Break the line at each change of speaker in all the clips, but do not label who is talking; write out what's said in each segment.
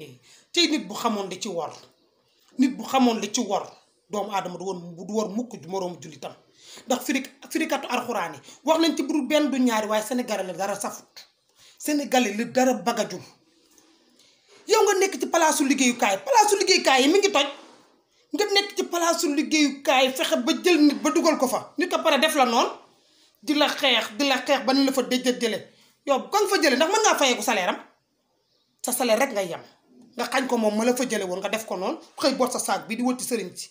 Eh, tey nit bu xamoon li ci war nit bu xamoon li ci war doomu aadama du woon du war mukk moroomu jullitam ndax firi firikatu alxuraan yi wax nañ ci budul benn du ñaari waaye Sénégal la dara safut Sénégal la dara bagajul yow nga nekk ci palaasu liggéeyukaay palaasu liggéeyukaay yi mi ngi toj nga nekk ci palaasu liggéeyukaay fexe ba jël nit ba dugal ko fa nit ko pare def la noon di la xeex di la xeex ba ni la fa déjjë jële yow ka nga fa jële ndax mën ngaa fayeeku salaire sa salaire rek ngay yem nga xañ ko moom ma la fa jële woon nga def ko noon xëy boot sa saak bi di wëtti sëriñ si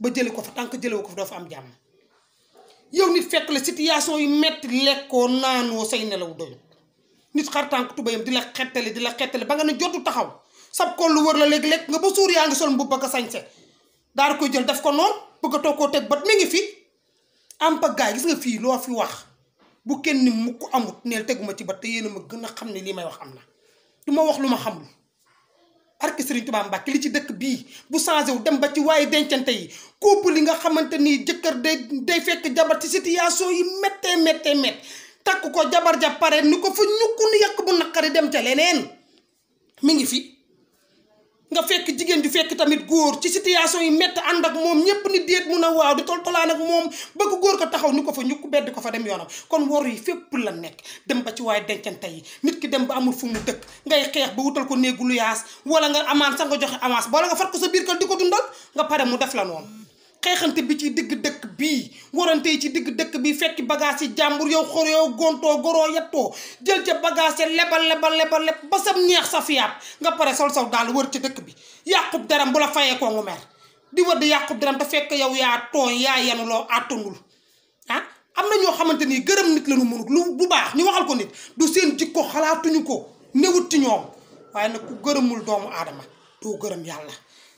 ba jële ko fa tànk jële ko fa doo fa am jàmm yow nit fekk la situation yu metti lekkoo naanoo say nelaw doyut nit xar tànk tubayam di la xettale di la xettale ba nga ne jotu taxaw sab ko lu wër la léegi lekk nga ba suur yaa ngi sol mbubb ak sañse daal koy jël def ko noonu bëgg a toog koo teg bat mi ngi fi am pa gaay gis nga fii loo fi wax bu kenn mukk amut neel teguma ci bat yéen a ma gën a xam ne lii may wax am na du ma wax lu ma xamul barke Serigne Touba Mbacke li ci dëkk bii bu changé wu dem ba ci waaye dencante yi li nga xamante ni jëkkër day day fekk jabar ci situation yi méttee méttee mét takk ko jabar ja pare ni ko fa ñukku nu yàq bu naqari dem ca leneen mi fi. nga fekk jigéen ju fekk tamit góor ci situation yi métti ànd ak moom ñépp ni déet mun a waaw di toltolaan ak moom bëgg góor ko taxaw ñu ko fa ñu ko bedd ko fa dem yoonam kon waru yi fépp la nekk dem ba ci waaye dencante yi nit ki dem ba amul fu mu dëkk ngay xeex ba wutal ko néegu luyaas wala nga amaan sax nga joxe avance wala nga fat ko sa biir kër di ko dundal nga pare mu def la noonu xeexante bi ci digg dëkk bii warantee ci digg dëkk bi fekki bagage ci jàmbur yow xor yow gontoo goroo yettoo jël ca bagage ya lebal lebal lebal ba sam neex sa fiyaat nga pare sol saw daal wër ci dëkk bi yàqub daram bu la fayee koo ngu mer di wër di yàqub daram te fekk yow yaa tooñ yaa yenu loo àttanul ah am na ñoo xamante ni gërëm nit la ñu lu bu baax ñu waxal ko nit du seen jikko xalaatuñu ko newut ci ñoom waaye nag ku gërëmul doomu aadama doo gërëm yàlla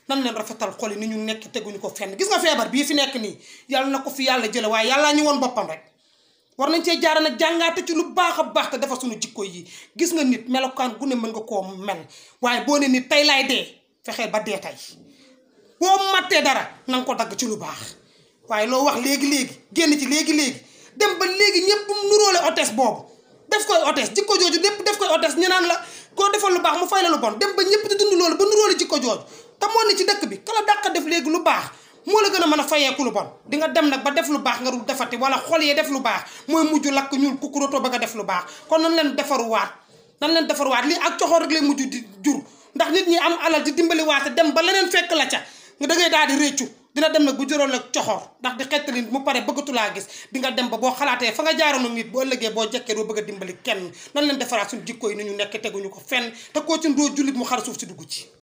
nan leen rafetal xol ni ñu nekk teguñu ko fenn gis nga feebar bii fi nekk nii yàlla na ko fi yàlla jële waaye yàllaa ñu woon boppam rek war nañ cee jaara nag jàngaate ci lu baax a baax te dafa suñu jikko yi gis nga nit melokaan gu ne mën nga koo mel waaye boo ne tey laay dee fexeel ba dee tey boo mattee dara na nga ko dagg ci lu baax waaye loo wax léegi-léegi génn ci léegi-léegi dem ba léegi ñëpp nuróole hôtesse boobu def koy hôtesse jikko jooju lépp def koy hôtesse ñu naan la koo defal lu baax mu fay la lu bon dem ba ñëpp di dund loolu ba nuróole jikko jooju te moo ne ci dëkk bi kala dàq def léegi lu baax moo la gën a mën a fayeeku lu bon di nga dem nag ba def lu baax nga dul defati wala xol yee def lu baax mooy mujj lakk ñuul kukuroto ba nga def lu baax kon nan leen defaruwaat nan leen defaruwaat lii ak coxoor rek di jur ndax nit ñi am alal di dimbaliwaate dem ba leneen fekk la ca nga da daal di réccu dina dem nag bu juróol ak coxoor ndax di xettali mu pare bëggatulaa gis di nga dem ba boo xalaatee fa nga jaaroon ak nit boo ëllëgee boo jekkee doo bëgg a dimbali kenn nan leen defaraat suñu jikko yi ni ñu nekk teguñu ko fenn te koo ci ndoo jullit mu xar suuf si dugg ci